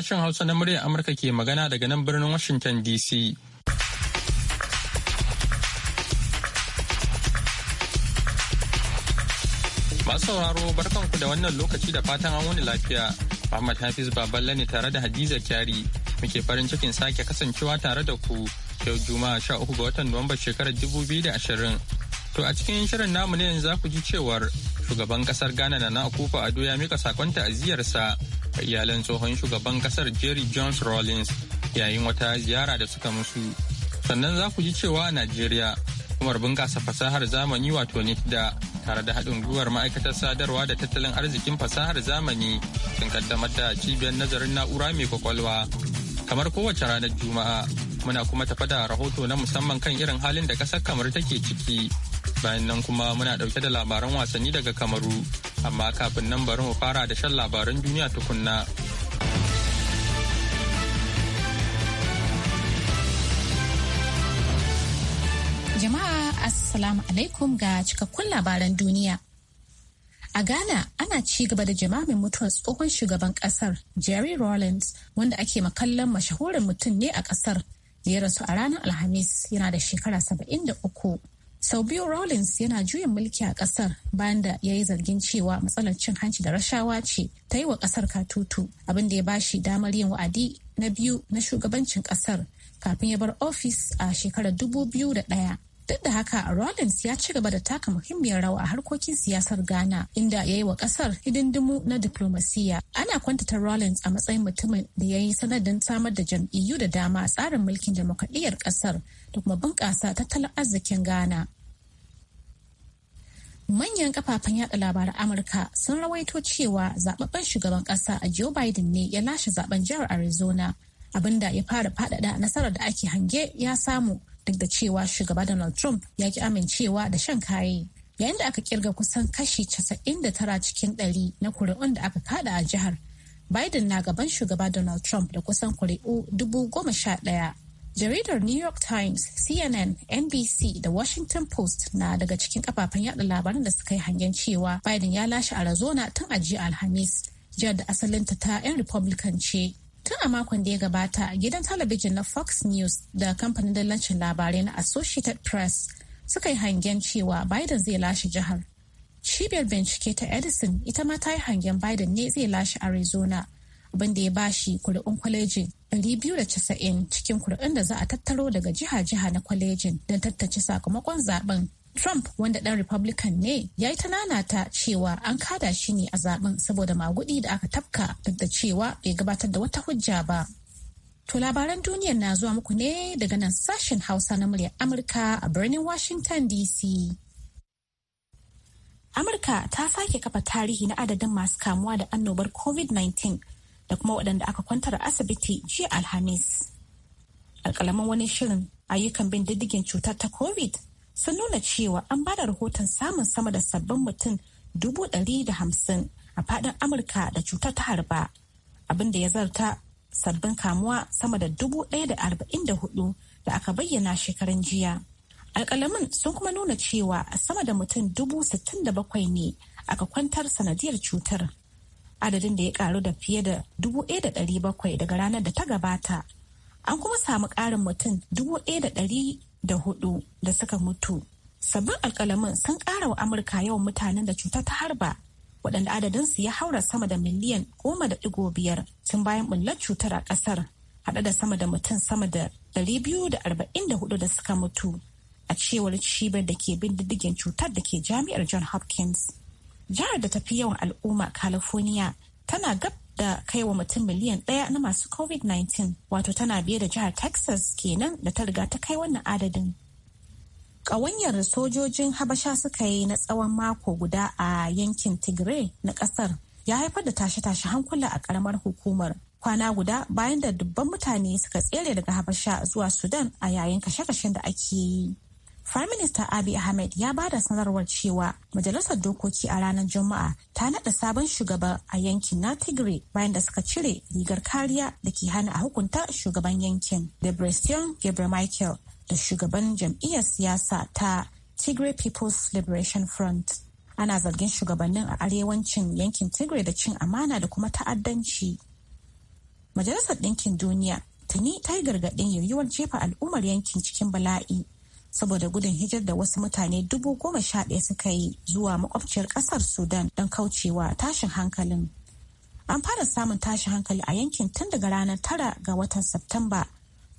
Sashen Hausa na muryar Amurka ke magana daga nan birnin Washington DC. Masu sauraro barkanku da wannan lokaci da fatan an wani lafiya. Muhammad Hafiz Baballe ne tare da Hadiza Kyari muke farin cikin sake kasancewa tare da ku yau Juma'a sha uku ga watan Nuwamba shekarar ashirin To a cikin shirin namu ne yanzu za ku ji cewar shugaban kasar Ghana na Akufo Ado ya mika sakon ta'aziyarsa a iyalan tsohon shugaban kasar Jerry Jones Rawlings yayin wata ziyara da suka musu. Sannan za ku ji cewa a Najeriya, kuma bunkasa fasahar zamani wato e da tare da haɗin gwiwar ma'aikatar sadarwa da tattalin arzikin fasahar zamani sun kaddamar da cibiyar nazarin na'ura mai kwakwalwa. Kamar kowace ranar Juma'a, muna kuma tafa da rahoto na musamman kan irin halin da ƙasar kamar take ciki. Bayan nan kuma muna ɗauke da labaran wasanni daga Kamaru. amma kafin nan bari mu fara da shan labaran duniya tukunna. Jama'a Assalamu alaikum ga cikakkun labaran duniya. A Ghana ana ci gaba da jimamin mutuwar tsohon shugaban kasar Jerry Rawlings wanda ake makallan mashahurin mutum ne a kasar da ya rasu a ranar Alhamis yana da shekara saba'in da uku. sau biyu rawlins yana juyin mulki a kasar bayan da ya yi zargin cewa matsalar cin hanci da rashawa ce ta yi wa kasar katutu abin da ya bashi damar yin wa'adi na biyu na shugabancin kasar kafin ya bar ofis a shekarar 2001 Duk da haka Rawlings ya ci gaba da taka muhimmiyar rawa a harkokin siyasar Ghana inda ya yi wa kasar hidindimu na diplomasiya. Ana kwantata Rawlings a matsayin mutumin da ya yi sanadin samar da jam'iyyu da dama a tsarin mulkin demokradiyyar kasar da kuma bunƙasa tattalin arzikin Ghana. manyan kafafen yada labarai amurka sun rawaito cewa zababben shugaban ƙasa a joe biden ne ya lashe zaben jihar arizona abinda ya fara fadada nasarar da ake hange ya samu duk da cewa shugaba Donald Trump ya ki amincewa da shan kaye. Yayin da aka kirga kusan kashi 99 cikin ɗari na kuri'un da aka kada a jihar, Biden na gaban shugaba Donald Trump da kusan kuri'u 11,000. Jaridar New York Times, CNN, NBC da Washington Post na daga cikin kafafen yada labaran da suka yi hangen cewa Biden ya lashe Arizona tun a Alhamis, jihar da asalinta ta 'yan Republican ce. Tun a makon da ya gabata gidan talabijin na Fox News da kamfanin dallacin labarai na Associated Press suka yi hangen cewa Biden zai lashe jihar. Cibiyar bincike ta Edison ita ma ta yi hangen Biden ne zai lashe Arizona abinda ya bashi kuri'un kwalejin 290 cikin kuri'un da za a tattaro daga jiha-jiha na kwalejin don tattace sakamakon zaben Trump wanda ɗan Republican ne ya yi ta cewa an kada shi ne a zaben saboda magudi da aka tafka duk da cewa bai gabatar da wata hujja ba. To labaran duniyar na zuwa muku ne daga nan sashen Hausa na muryar Amurka a birnin Washington DC. Amurka ta sake kafa tarihi na adadin masu kamuwa da annobar COVID-19 da kuma waɗanda aka kwantar asibiti jiya Alhamis. Alƙalaman wani shirin ayyukan bin diddigin cutar ta COVID sun nuna cewa an bada rahoton samun sama da sabbin mutum dubu ɗari da hamsin a faɗin amurka da cutar ta harba abin da ya zarta sabbin kamuwa sama da dubu ɗaya da arba'in da hudu da aka bayyana shekaran jiya Alkalamin sun kuma nuna cewa sama da mutum dubu sittin da bakwai ne aka kwantar sanadiyar cutar adadin da ya karu da fiye da dubu ɗaya da ɗari bakwai daga ranar da ta gabata an kuma samu ƙarin mutum dubu ɗaya da ɗari da hudu da suka mutu. Sabbin alkalamin sun kara wa Amurka yawan mutanen da cuta ta harba waɗanda adadinsu ya haura sama da miliyan goma da ɗigo biyar tun bayan ɓullar cutar a ƙasar haɗe da sama da mutum sama da ɗari biyu da arba'in da hudu da suka mutu a cewar cibiyar da ke bin diddigin cutar da ke jami'ar John Hopkins. Jihar da tafi yawan al'umma California tana gab da kai wa mutum miliyan ɗaya na masu covid-19 wato tana biye da jihar texas kenan da ta riga ta kai wannan adadin ƙawanyar sojojin habasha suka yi na tsawon mako guda a yankin tigray na ƙasar ya haifar da tashe-tashe hankula a ƙaramar hukumar kwana guda bayan da dubban mutane suka tsere daga habasha zuwa sudan a yayin kashe-kashen da ake yi Prime Minister Abiy Ahmed ya ba da sanarwar cewa Majalisar Dokoki a ranar Juma'a ta naɗa sabon shugaba a yankin na Tigray bayan da suka cire rigar kariya da ke hana a hukunta shugaban yankin Debretsion Gebremichael da shugaban jam'iyyar siyasa ta Tigray People's Liberation Front. Ana zargin shugabannin a arewacin yankin Tigray da cin amana da kuma ta'addanci. Majalisar Ɗinkin Duniya tuni ta yi gargaɗin yiwuwar jefa al'ummar yankin cikin bala'i saboda gudun hijir da wasu mutane dubu goma sha ɗaya suka yi zuwa makwabciyar ƙasar sudan don kaucewa tashin hankalin an fara samun tashin hankali a yankin tun daga ranar tara ga watan Septemba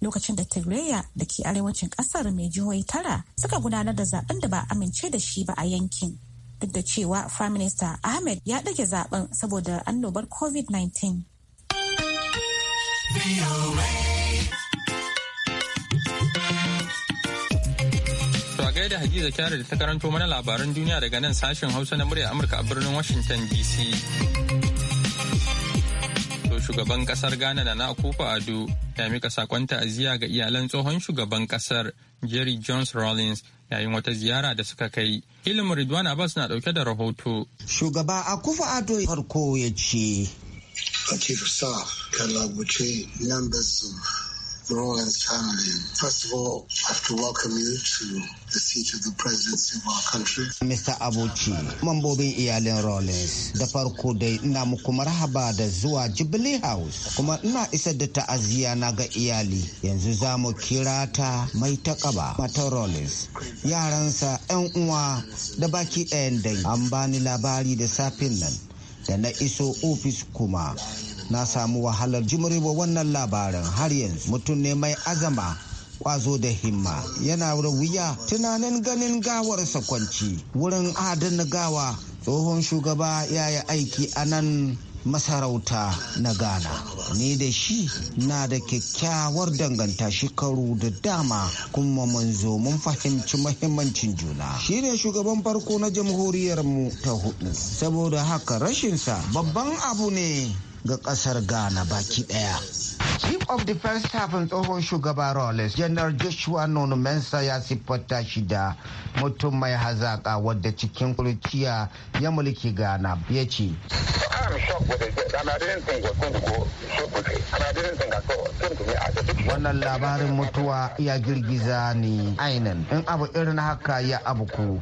lokacin da Tigraya da ke arewacin ƙasar mai jihohi tara suka gudanar da zaben da ba amince da shi ba a yankin. Duk da cewa Prime Minister Ahmed ya ɗage zaben saboda annobar COVID-19. da Hadiza Kyari da ta karanto mana labaran duniya daga nan sashen Hausa na murya Amurka a birnin Washington DC. To shugaban kasar Ghana na Akufo Ado ya mika sakon ta'aziyya ga iyalan tsohon shugaban kasar Jerry Jones Rawlings yayin wata ziyara da suka kai. Ilimin Ridwan Abbas na dauke da rahoto. Shugaba Akufo Ado farko ya ce. Chief of Staff, Kalabuce, Lambert Rowan's family. First of all, I to welcome you to the seat of the presidency of our country. Mr. Abuchi, mambobin iyalin Rawlings, da farko dai ina muku marhaba da zuwa Jubilee House, kuma ina isa da ta'aziyya na ga iyali. Yanzu za mu kira ta mai takaba mata Rawlings, yaransa 'yan uwa da baki ɗayan dai. An bani labari da safin nan, da na iso ofis kuma na samu wahalar jimrewa wannan labarin har yanzu mutum ne mai azama kwazo da himma yana wuya tunanin ganin gawarsa kwanci wurin adana gawa tsohon shugaba ya yi aiki a nan masarauta na ghana ni da shi na da kyakkyawar danganta shekaru da dama kuma mun zo mun fahimci mahimmancin juna shine shugaban farko na jamhuriyarmu ta hudu saboda haka rashinsa babban abu ne ga kasar ghana baki daya chief of defense staffin tsohon shugaba rawls janar joshua nono mensa ya siffata shi da mutum mai hazaka wadda cikin kurciya ya mulki ghana ya ce wannan labarin mutuwa ya girgiza ni ainin in abu irin haka ya abuku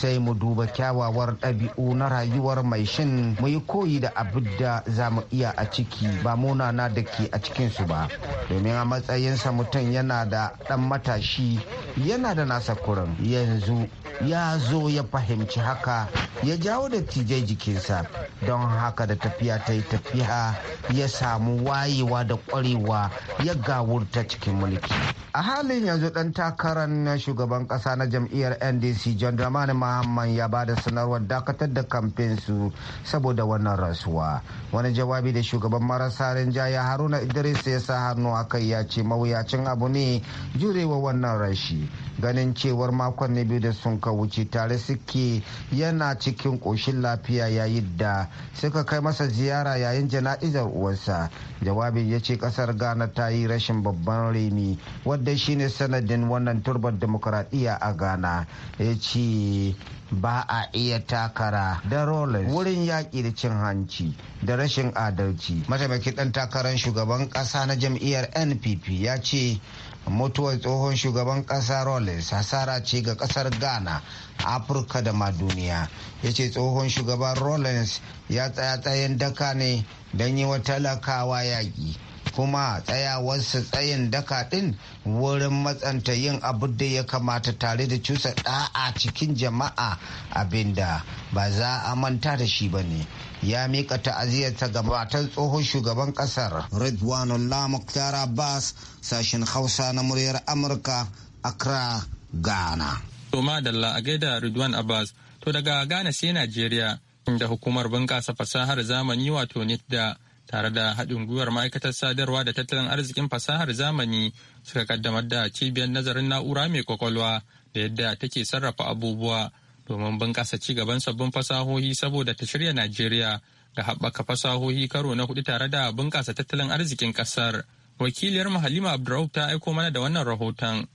sai mu duba kyawawar ɗabi'u na rayuwar mai shin mu yi koyi da abin da za mu iya a ciki ba munana da ke a cikinsu su ba domin a matsayinsa mutum yana da ɗan matashi yana da nasa kuran yanzu ya zo ya fahimci haka ya jawo da tijai jikinsa don haka da tafiya ta yi tafiya ya samu wayewa da kwarewa ya gawurta cikin mulki a halin yanzu dan takarar na shugaban kasa na jam'iyyar ndc john dramani mahamman ya ba da sanarwar dakatar da kamfen su saboda wannan rasuwa wani jawabi da shugaban marasa rinjaya haruna idris ya sa hannu a kai ya ce mawuyacin abu ne jurewa wannan rashi ganin cewar makon na biyu da sun ka wuce tare suke yana cikin ƙoshin lafiya yayin da suka kai masa ziyara yayin jana'izar uwansa jawabin ya ce ƙasar ghana ta yi rashin babban remi wadda shine sanadin wannan turbar demokuraɗiyya a ghana ya ce ba a iya takara da rollins wurin yaƙi da cin hanci da rashin adalci mataimakin ɗan takarar shugaban ƙasa na jam'iyyar npp ya ce mutuwar tsohon shugaban kasa rollins hasara ce ga kasar ghana afirka da ma duniya ya ce tsohon shugaban rollins ya tsaya tsayin daka ne don yi wa talakawa yaƙi kuma tsayawarsa tsayin daka ɗin wurin matsanta yin abu da ya kamata tare da cusa ɗa'a cikin jama'a abinda ba za a manta da shi ba ne ya mika ta'aziyarta ga matan tsohon shugaban kasar Ridwanullah Mukhtar Abbas sashen Hausa na muryar Amurka Accra Ghana. To madalla a gaida Ridwan Abbas to daga Ghana sai Najeriya inda hukumar bunƙasa fasahar zamani wato NITDA tare da haɗin gwiwar ma'aikatar sadarwa da tattalin arzikin fasahar zamani suka kaddamar da cibiyar nazarin na'ura mai kwakwalwa da yadda take sarrafa abubuwa domin bunƙasa ci gaban sabbin fasahohi saboda ta shirya Najeriya da haɓaka fasahohi karo na kuɗi tare da bunƙasa tattalin arzikin ƙasar. Wakiliyar Halima Abdurrahman ta aiko mana da wannan rahoton.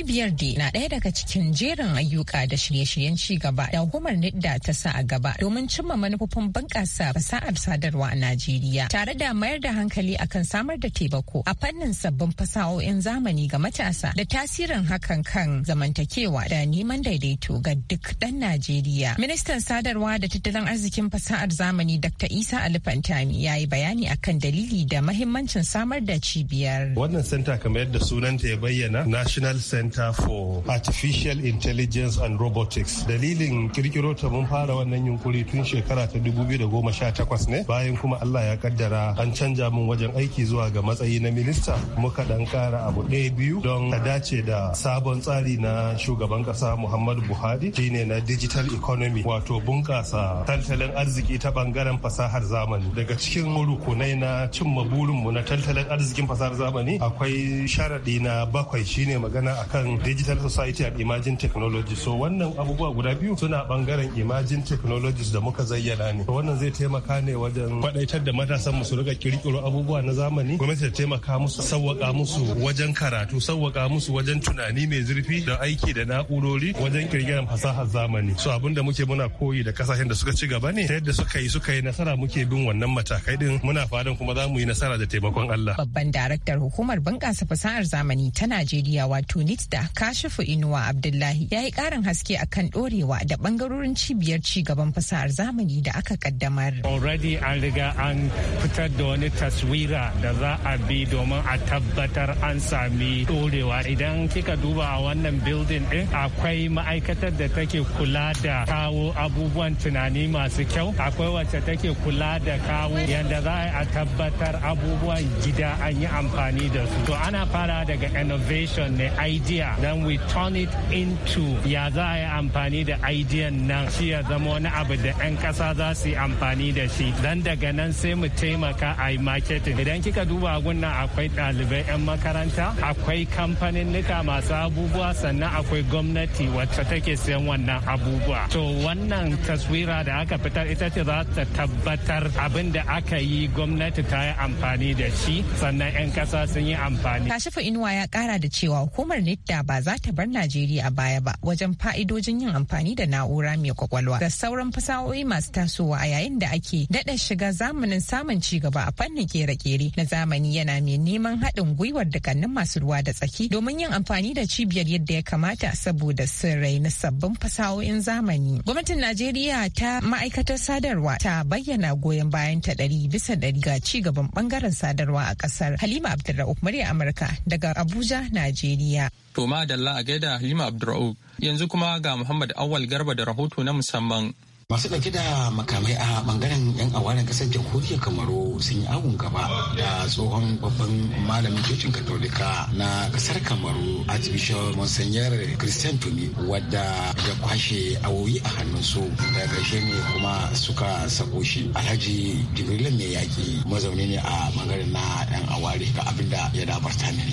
Cibiyar D na ɗaya daga cikin jerin ayyuka da shirye-shiryen ci gaba da hukumar NIDDA ta sa a gaba domin cimma manufofin bunƙasa fasahar sadarwa a Najeriya tare da mayar da hankali akan samar da taimako a fannin sabbin fasahohin zamani ga matasa da tasirin hakan kan zamantakewa da neman daidaito ga duk ɗan Najeriya. Ministan sadarwa da tattalin arzikin fasahar zamani Dr. Isa Alifantami ya yi bayani akan dalili da mahimmancin samar da cibiyar. Wannan senta kamar yadda sunanta ya bayyana National Center Center for Artificial Intelligence and Robotics. Dalilin kirkiro ta mun fara wannan yunkuri tun shekara ta 2018 ne bayan kuma Allah ya kaddara an canja mun wajen aiki zuwa ga matsayi na minista muka dan kara abu ɗaya biyu don ta dace da sabon tsari na shugaban kasa Muhammadu Buhari shine na digital economy wato bunƙasa tattalin arziki ta bangaren fasahar zamani daga cikin rukunai na cimma burinmu na tattalin arzikin fasahar zamani akwai sharaɗi na bakwai shine magana a Kan digital society and emerging technology so wannan abubuwa guda biyu suna bangaren emerging technologies da muka zayyana ne wannan zai taimaka ne wajen kwadaitar da matasan mu su riga kirkiro abubuwa na zamani gwamnati ta taimaka musu sawwaka musu wajen karatu sawwaka musu wajen tunani mai zurfi da aiki da na'urori wajen kirkiran fasahar zamani so abin da muke muna koyi da kasashen da suka ci gaba ne ta yadda suka yi suka yi nasara muke bin wannan matakai din muna fadan kuma za mu yi nasara da taimakon Allah babban daraktar hukumar bunƙasa fasahar zamani ta Najeriya wato ni barista kashifu inuwa abdullahi ya yi ƙarin haske a kan ɗorewa da bangarorin cibiyar cigaban fasahar zamani da aka kaddamar already an riga an fitar da wani taswira da za a bi domin a tabbatar an sami ɗorewa. idan kika duba a wannan building din akwai ma'aikatar da take kula da kawo abubuwan tunani masu kyau akwai wacce take kula da kawo yadda za a tabbatar abubuwan gida an yi amfani da su to ana fara daga innovation ne id idea then we turn it into ya za a yi amfani da idea nan shi ya zama wani abu da 'yan kasa za su yi amfani da shi dan daga nan sai mu taimaka a yi marketing idan kika duba guna akwai ɗalibai 'yan makaranta akwai kamfanin nika masu abubuwa sannan akwai gwamnati wacce take sayan wannan abubuwa to wannan taswira da aka fitar ita ce za ta tabbatar abin da aka yi gwamnati ta yi amfani da shi sannan 'yan kasa sun yi amfani kashifa inuwa ya kara da cewa hukumar ne da ba za ta bar Najeriya a baya ba wajen fa'idojin yin amfani da na'ura mai kwakwalwa da sauran fasahohi masu tasowa a yayin da ake daɗa shiga zamanin samun cigaba a fannin kere-kere na zamani yana mai neman haɗin gwiwar dukkanin masu ruwa da tsaki domin yin amfani da cibiyar yadda ya kamata saboda sirrai na sabbin fasahohin zamani. Gwamnatin Najeriya ta ma'aikatar sadarwa ta bayyana goyon bayan ta ɗari bisa ɗari ga ci gaban ɓangaren sadarwa a ƙasar. Halima Abdulrahman murya Amurka daga Abuja, Najeriya. To ma dalla a gaida Halima Abdur'u yanzu kuma ga Muhammad Awal Garba da rahoto na musamman. masu ɗauke da makamai a bangaren yan awarin kasar jamhuriyar kamaru sun yi agun gaba da tsohon babban malamin cocin katolika na ƙasar kamaru archbishop monsignor christian tumi wadda ya kwashe awoyi a hannunsu da ƙarshe ne kuma suka sako shi alhaji jibrilu mai yaƙi mazaune ne a bangaren na yan awari ga abin da ya dabarta ne.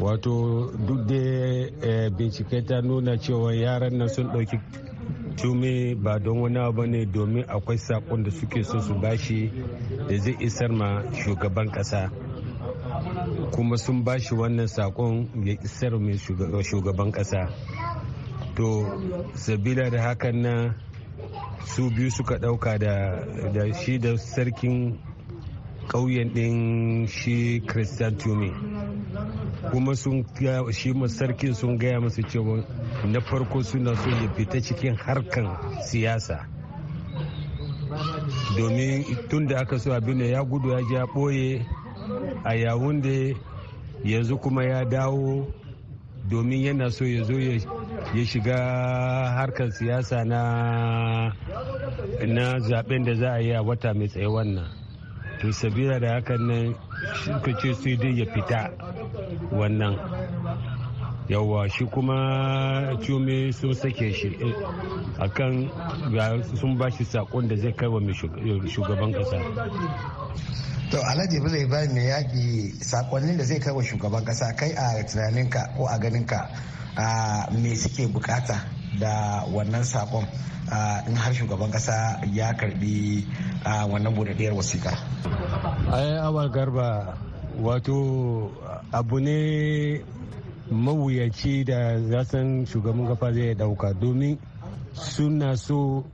wato duk da eh, bincike ta nuna cewa yaran nan sun ɗauki tumi ba don wani abu ne domin akwai sakon da suke so su bashi da zai isar ma shugaban kasa kuma sun bashi wannan sakon ya isar mai shugaban kasa to sabila da hakan na su biyu suka ɗauka da shi da sarkin ƙauyen ɗin shi christian tumi kuma sun shi sarkin sun gaya masu cewa na farko suna so ya fita cikin harkan siyasa domin tun da aka so abin ya gudu ya ja ya ɓoye a yawun da yanzu kuma ya dawo domin yana so ya zo ya shiga harkar siyasa na zaben da za a yi a wata mai tsaye wannan to sabira da hakan nan suka ce sai dai ya fita wannan yawa shi kuma cumi sun sake shi eh, akan sun ba shi sakon eh, da zai kai wa shugaban kasa to alhaji ba zai bari mai yaƙi sakonnin da zai kai wa shugaban kasa kai a tunaninka ko a ganinka a me suke bukata da wannan sakon in har shugaban kasa ya karbi wannan budaddiyar wasiƙa. ai awal garba wato abu ne mawuyaci da zasan shugaban kafa zai dauka domin suna so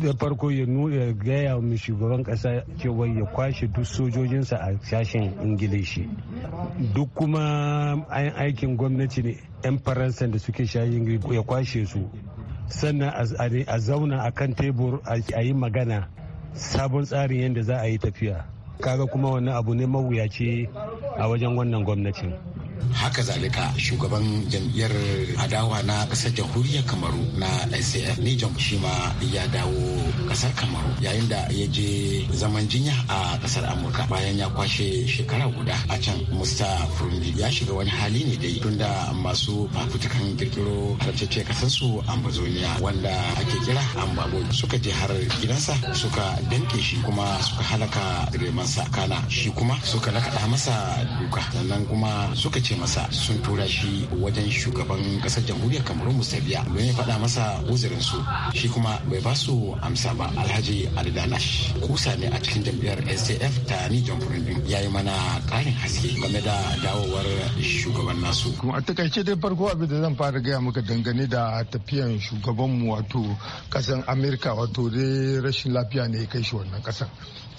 da farko ya nuna gaya mai shugaban kasa cewa ya kwashe duk sojojinsa a sashen ingilishi duk kuma aikin gwamnati ne 'yan faransa da suke shayin ya kwashe su sannan a zauna a kan tebur a yi magana sabon tsarin yadda za a yi tafiya kaga kuma wani abu ne mawuyaci a wajen wannan gwamnatin haka zalika shugaban jam'iyyar adawa na kasar jamhuriyar kamaru na saf nijon shi ma ya dawo kasar kamaru yayin da ya je zaman jinya a kasar amurka bayan ya kwashe shekara guda a can musta furundi ya shiga wani hali ne dai da masu fafutukan kirkiro karcece kasar su ambazoniya wanda ake kira ambago suka je har gidansa suka danke shi kuma suka halaka remansa kana shi kuma suka lakaɗa masa duka sannan kuma suka ce masa sun tura shi wajen shugaban kasar jamhuriyar kamarun musabiya don ya faɗa masa wuzirin su shi kuma bai ba su amsa ba alhaji alidanash kusa ne a cikin jam'iyyar sdf ta ni jamhuriyar din ya yi mana ƙarin haske game da dawowar shugaban nasu. a takaice dai farko abin da zan fara gaya maka dangane da tafiyan shugabanmu wato kasan amerika wato dai rashin lafiya ne ya kai shi wannan kasan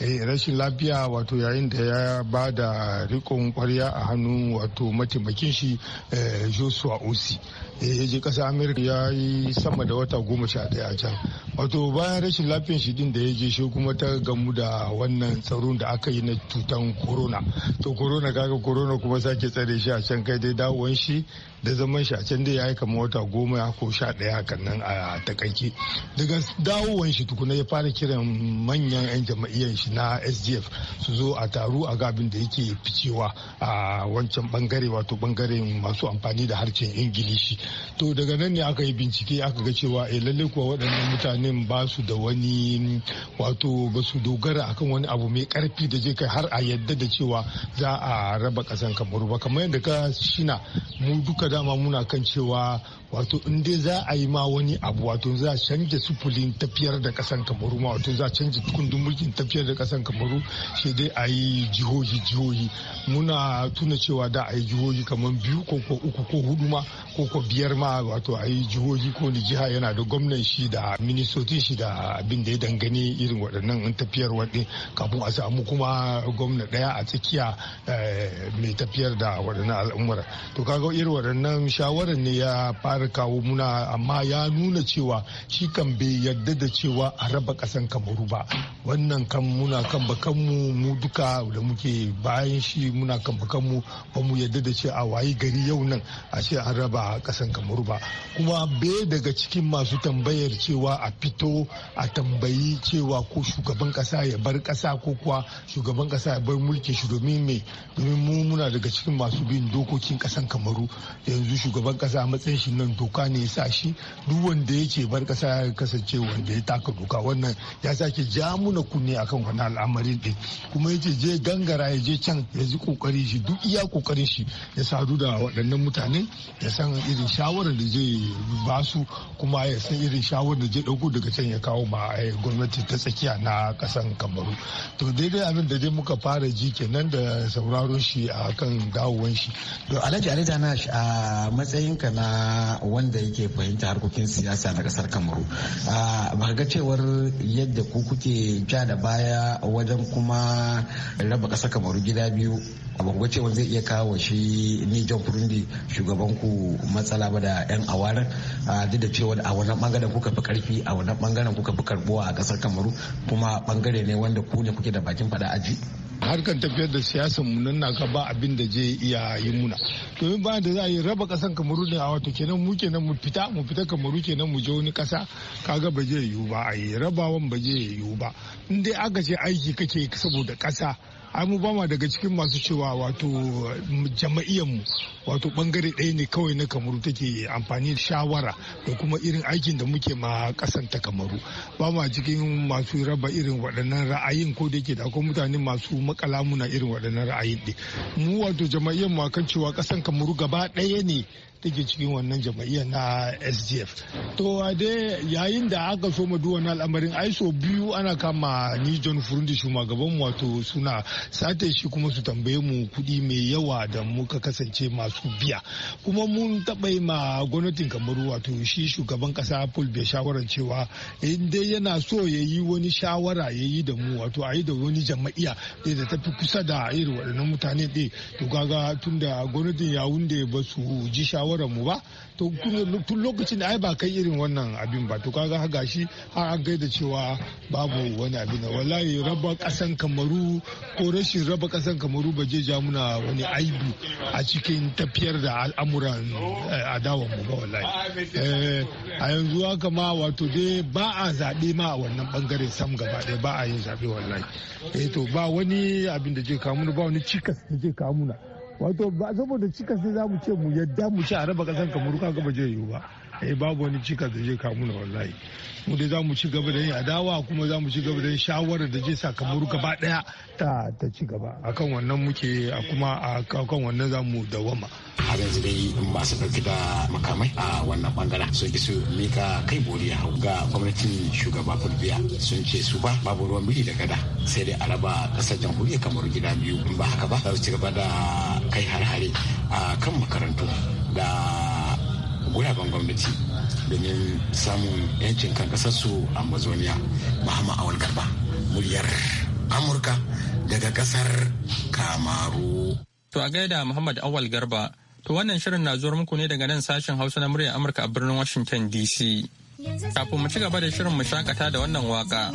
Eh, rashin lafiya wato yayin da ya ba da rikon kwarya a hannun wato mataimakin shi eh, joshua osi da ya je kasa amerika ya yi sama da wata goma sha daya a can wato bayan rashin lafiyan shi din da ya je shi kuma ta gamu da wannan tsaron da aka yi na cutan corona to corona kaga corona kuma sake tsare shi a can kai dai dawon shi da zaman shi a can dai ya yi kama wata goma ko sha daya kan nan a takaice daga dawowan shi tukuna ya fara kiran manyan 'yan jama'iyyar shi na sdf su zo a taru a gabin da yake ficewa a wancan bangare wato bangaren masu amfani da harshen ingilishi to daga nan ne aka yi bincike aka ga cewa eh lalle kuwa waɗannan mutanen ba su da wani wato ba su dogara akan wani abu mai karfi da zai kai har a yadda da cewa za a raba ƙasan kamaru ba kamar yadda ka shina mu duka dama muna kan cewa wato in dai za a yi ma wani abu wato za a canja sufulin tafiyar da kasan kamaru ma wato za a canja kundin mulkin tafiyar da kasan kamaru sai dai a yi jihohi jihohi muna tuna cewa da a yi jihohi kamar biyu ko ko uku ko hudu ma ko ko biyar ma wato a yi jihohi ko ni jiha yana da gwamnan shi da ministocin shi da abin da ya dangane irin waɗannan in tafiyar waɗin kafin a samu kuma gwamna ɗaya a tsakiya eh, mai tafiyar da waɗannan al'ummar to kaga irin waɗannan shawarar ne ya fara ƙara kawo muna amma ya nuna cewa shi kan bai yarda da cewa a raba kasan kamaru ba wannan kan muna kan bakanmu mu duka da muke bayan shi muna kan bakanmu ba mu yarda da cewa a wayi gari yau nan a ce an raba ƙasan kamaru ba kuma bai daga cikin masu tambayar cewa a fito a tambayi cewa ko shugaban ƙasa ya bar kasa ko kuwa shugaban ƙasa ya bar mulki shi domin me domin mu muna daga cikin masu bin dokokin ƙasan kamaru yanzu shugaban ƙasa a matsayin shi nan wannan doka ne ya sa shi duk wanda yake bar kasa ya kasance wanda ya taka doka wannan ya sake ja muna kunne akan wani al'amarin din kuma yace je gangara ya je can ya ji kokari shi duk iya kokarin shi ya sadu da waɗannan mutane ya san irin shawarar da zai ba su kuma ya san irin shawarar da zai ɗauko daga can ya kawo ma eh, gwamnati ta tsakiya na ƙasan kamaru to daidai abin da dai muka fara ji kenan da sauraron shi a kan dawowan shi to alhaji alhaji na a matsayinka na wanda yake fahimta harkokin siyasa na kasar Kamaru. Ba ga cewar yadda ku kuke ja da baya wajen kuma raba kasar Kamaru gida biyu ba ga cewa zai iya kawo shi ni john furundi shugaban ku matsala ba da yan awarin duk da cewa a wannan bangaren kuka fi karfi a wannan bangaren kuka fi karbuwa a kasar kamaru kuma bangare ne wanda ku ne kuke da bakin fada aji harkar tafiyar da siyasar mu nan naka ba abin da je iya yi muna domin ba da za a yi raba kasan kamaru ne a wato kenan mu kenan mu fita mu fita kamaru kenan mu je wani kasa kaga ba je yiwu ba a yi rabawan ba je yiwu ba in dai aka ce aiki kake saboda kasa ai mu ba daga cikin masu cewa wato mm, mu wato bangare ɗaya ne kawai na kamaru take amfani da shawara da kuma irin aikin da muke ma kasan ta kamaru ba ma cikin masu raba irin waɗannan ra'ayin ko da ke da akwai mutane masu makala muna irin waɗannan ra'ayin ɗin mu wato jama'iyyarmu mu kan cewa kasan kamaru gaba ɗaya ne take cikin wannan jama'iyyar na sdf to dai yayin da aka so madu wannan al'amarin ai so biyu ana kama ni john furundi shugaban wato suna sate shi kuma su tambaye mu kuɗi mai yawa da muka kasance masu biya kuma mun taɓa ma gwamnatin kamaru wato shi shugaban kasa paul bai shawarar cewa in dai yana so ya yi wani shawara ya yi da mu wato a yi da wani jama'iya da da tafi kusa da irin waɗannan mutane ɗin to kaga tun da gwamnatin yawun da ba su ji shawara shawarar mu ba to tun lokacin da ai ba kai irin wannan abin ba to kaga ga shi har an gaida cewa babu wani abin wallahi raba kasan kamaru ko rashin raba kasan kamaru ba je ja muna wani aibu a cikin tafiyar da al'amuran eh, adawan mu ba wallahi eh, a yanzu haka ma wato dai ba a zaɓe ma a wannan bangare sam gaba ɗaya ba a yin zaɓe wallahi eh to ba wani abin da je kawo muna ba wani cikas da je kawo muna wato ba saboda cika sai za mu ce mu yadda mu ci a raba kasan kamar ka ga ba zai yiwu ba eh babu wani cika da zai kamu na wallahi mu dai za mu ci gaba da yin adawa kuma za mu ci gaba da yin shawarar da zai sa kamaru gaba daya ta ta ci gaba akan wannan muke a kuma akan wannan za mu dawama har yanzu dai masu ɗauki da makamai a wannan bangaren So ki su mika kai boriya ga gwamnatin shugaba fulbiya sun ce su ba babu ruwan biri da gada sai dai a raba ƙasar jamhuriyar kamar gida biyu in ba haka ba za su ci gaba da kai har-hare a kan makarantu da guraben gwamnati domin samun 'yancin kan kasarsu a mazoniya mahama awal garba muryar amurka daga kasar kamaru to a gaida muhammad awal garba to wannan shirin na zuwar muku ne daga nan sashen hausa na muryar amurka a birnin washington dc kafin mu ci gaba da shirin mu shakata da wannan waka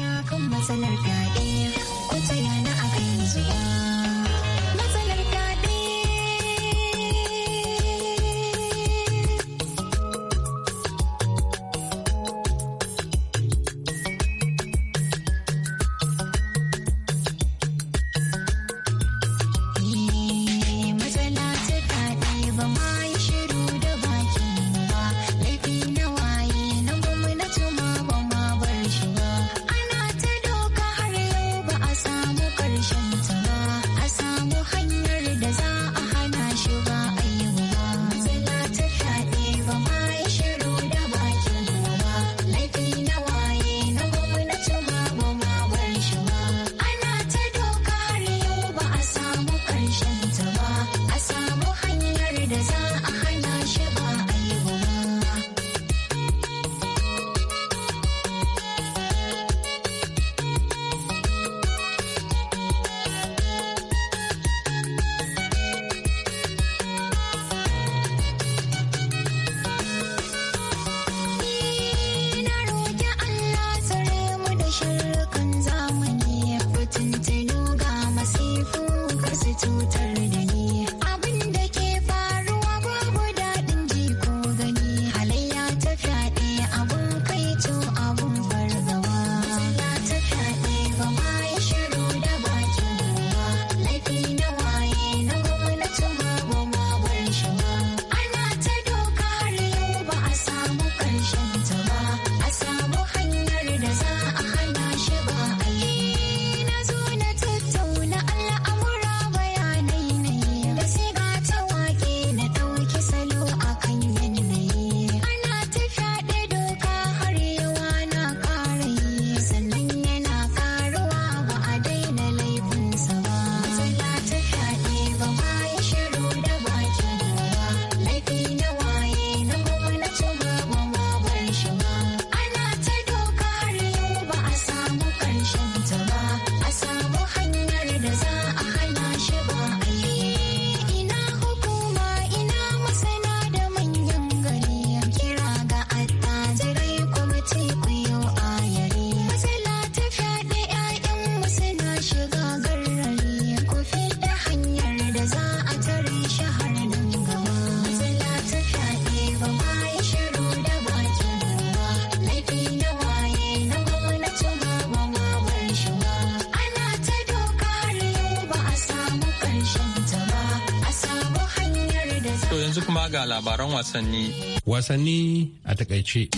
wasanni. Wasanni a takaice.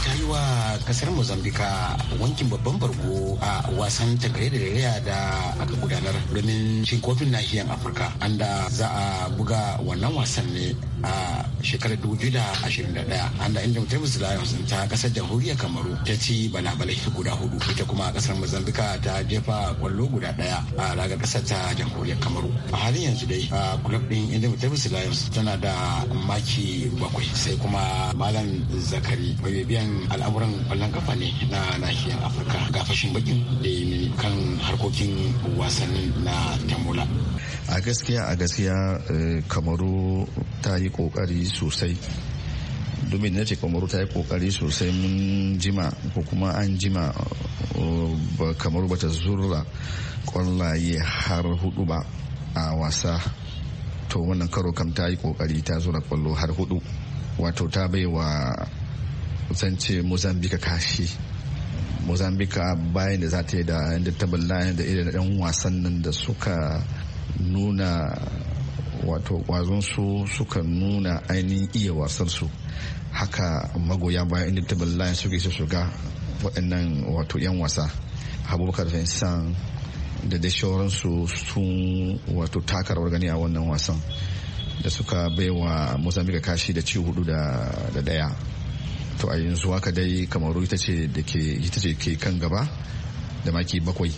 ta yi wa kasar mozambika wankin babban bargo a wasan tagare da rariya da aka gudanar domin cin kofin nahiyar afirka anda za a buga wannan wasan ne a shekarar dubu da da ashirin ɗaya. anda inda mutum lions ta kasar jamhuriyar kamaru ta ci balabalai guda hudu ita kuma kasar mozambika ta jefa kwallo guda daya a ragar kasar ta jamhuriyar kamaru a halin yanzu dai a kulub din inda mutum lions tana da maki bakwai sai kuma malam zakari mai biyan al'amuran kwallon kafa ne na nahiyar afirka ga fashin bakin da kan harkokin wasannin na tambola a gaskiya a gaskiya eh, kamaru ta yi kokari sosai domin na ce kamaru ta yi kokari sosai mun jima ko kuma an jima eh, kamaru bata zurra kwallaye har hudu ba a wasa to wannan karo kam ta yi kokari ta zura kwallo har hudu wato ta baiwa zance mozambika kashi mozambika bayan da za ta yi da yadda ta balla da irin wasan nan da suka nuna wato kwazon su suka nuna ainihin iya wasan su haka magoya bayan inda lion suke su shiga waɗannan wato 'yan wasa abubakar vincent da da su sun wato takarar gani a wannan wasan da suka baiwa mozambique kashi da ci hudu da daya to a yanzu haka dai kamaru ita ce ke kan gaba da maki bakwai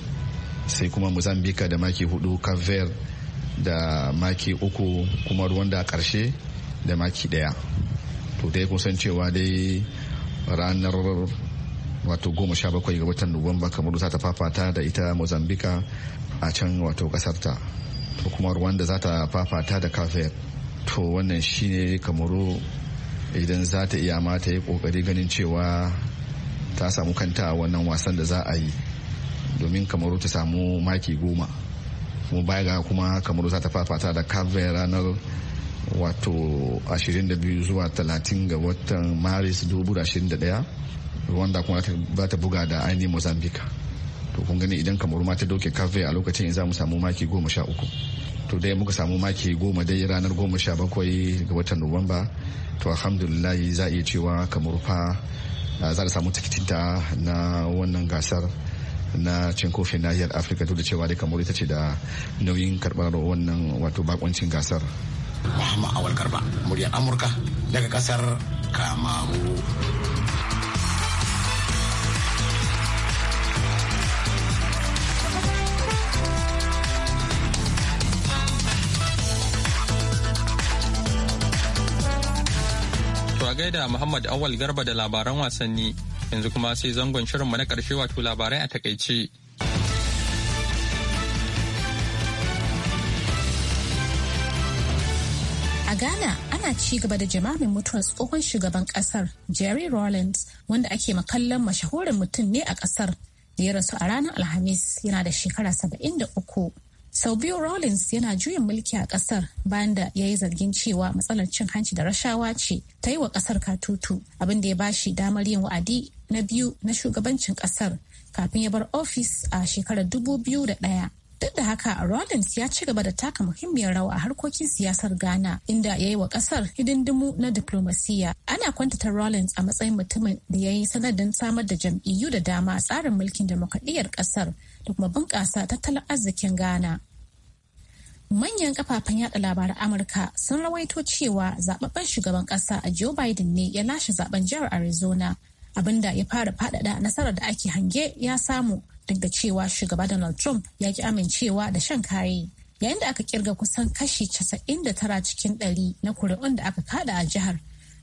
sai kuma mozambique da maki hudu kaver da maki uku kuma rwanda a karshe da maki daya to dai kusan cewa dai ranar wato goma sha bakwai ga watan nuwamba kamaru za ta fafata da ita mozambika a can wato kasarta to kuma rwanda za ta fafata da kaver to wannan shine kamaru idan za ta iya mata kokari ganin cewa ta samu kanta wannan wasan da za a yi domin kamaru ta samu maki goma kuma baya ga kuma kamaru za ta fafata da cape ranar wato 22 zuwa 30 ga watan maris 2021 wanda kuma za ta buga da ainihin mozambique to kun gani idan kamaru ma ta doke cape a lokacin za mu samu maki goma sha uku to dai muka samu maki goma dai ranar goma sha bakwai ga watan nuwamba to alhamdulillah za a iya cewa kamaru fa za ta samu tikitinta na wannan gasar na cin kofin nahiyar afirka duk da cewa dai kamar ita ce da nauyin karbar wannan wato bakuncin gasar muhammad awal garba muryar amurka daga kasar kamaru gaida Muhammad Awal Garba da labaran wasanni yanzu kuma sai zangon shirinmu na karshe wato labarai a takaice. A Ghana ana ci gaba da jimamin mutuwar tsohon shugaban kasar Jerry Rawlings wanda ake makallan mashahurin mutum ne a kasar da ya rasu a ranar Alhamis yana da shekara 73. sau biyu rawlins yana juyin mulki a kasar bayan da ya yi zargin cewa matsalar cin hanci da rashawa ce ta yi wa kasar katutu abinda da ya bashi damar yin wa'adi na biyu na shugabancin kasar kafin ya bar ofis a shekarar 2001 Duk da haka Rawlings ya ci gaba da taka muhimmiyar rawa a harkokin siyasar Ghana inda ya yi wa kasar hidindimu na diplomasiya. Ana kwantata Rawlings a matsayin mutumin da ya yi sanadin samar da jam'iyyu da dama a tsarin mulkin demokradiyyar kasar da kuma bunƙasa tattalin arzikin Ghana. manyan kafafen yaɗa labaran amurka sun rawaito cewa zababben shugaban ƙasa a joe biden ne ya lashe zaɓen jihar arizona abinda ya fara faɗaɗa nasarar da ake hange ya samu duk da cewa shugaba Donald Trump ya ki amincewa da shan kaye. Yayin da aka kirga kusan kashi 99 cikin ɗari na kuri'un da aka kada a jihar,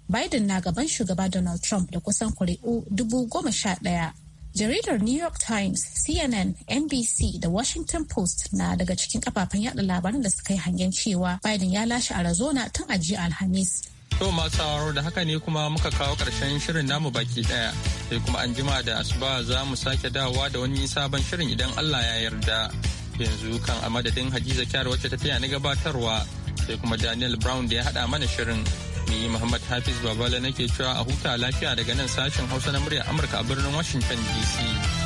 Biden na gaban shugaba Donald Trump da kusan kuri'u 11,000. Jaridar New York Times, CNN, NBC da Washington Post na daga cikin kafafen yada labaran da suka yi hangen cewa Biden ya lashe Arizona tun a jiya Alhamis. To masu sauraro da haka ne kuma muka kawo ƙarshen shirin namu baki ɗaya. Sai kuma an jima da asuba za mu sake dawowa da wani sabon shirin idan Allah ya yarda. Yanzu kan a madadin Hadiza Kyar wacce ta taya ni gabatarwa sai kuma Daniel Brown da ya haɗa mana shirin. Ni Muhammad Hafiz Babala nake cewa a huta lafiya daga nan sashen Hausa na muryar Amurka a birnin Washington DC.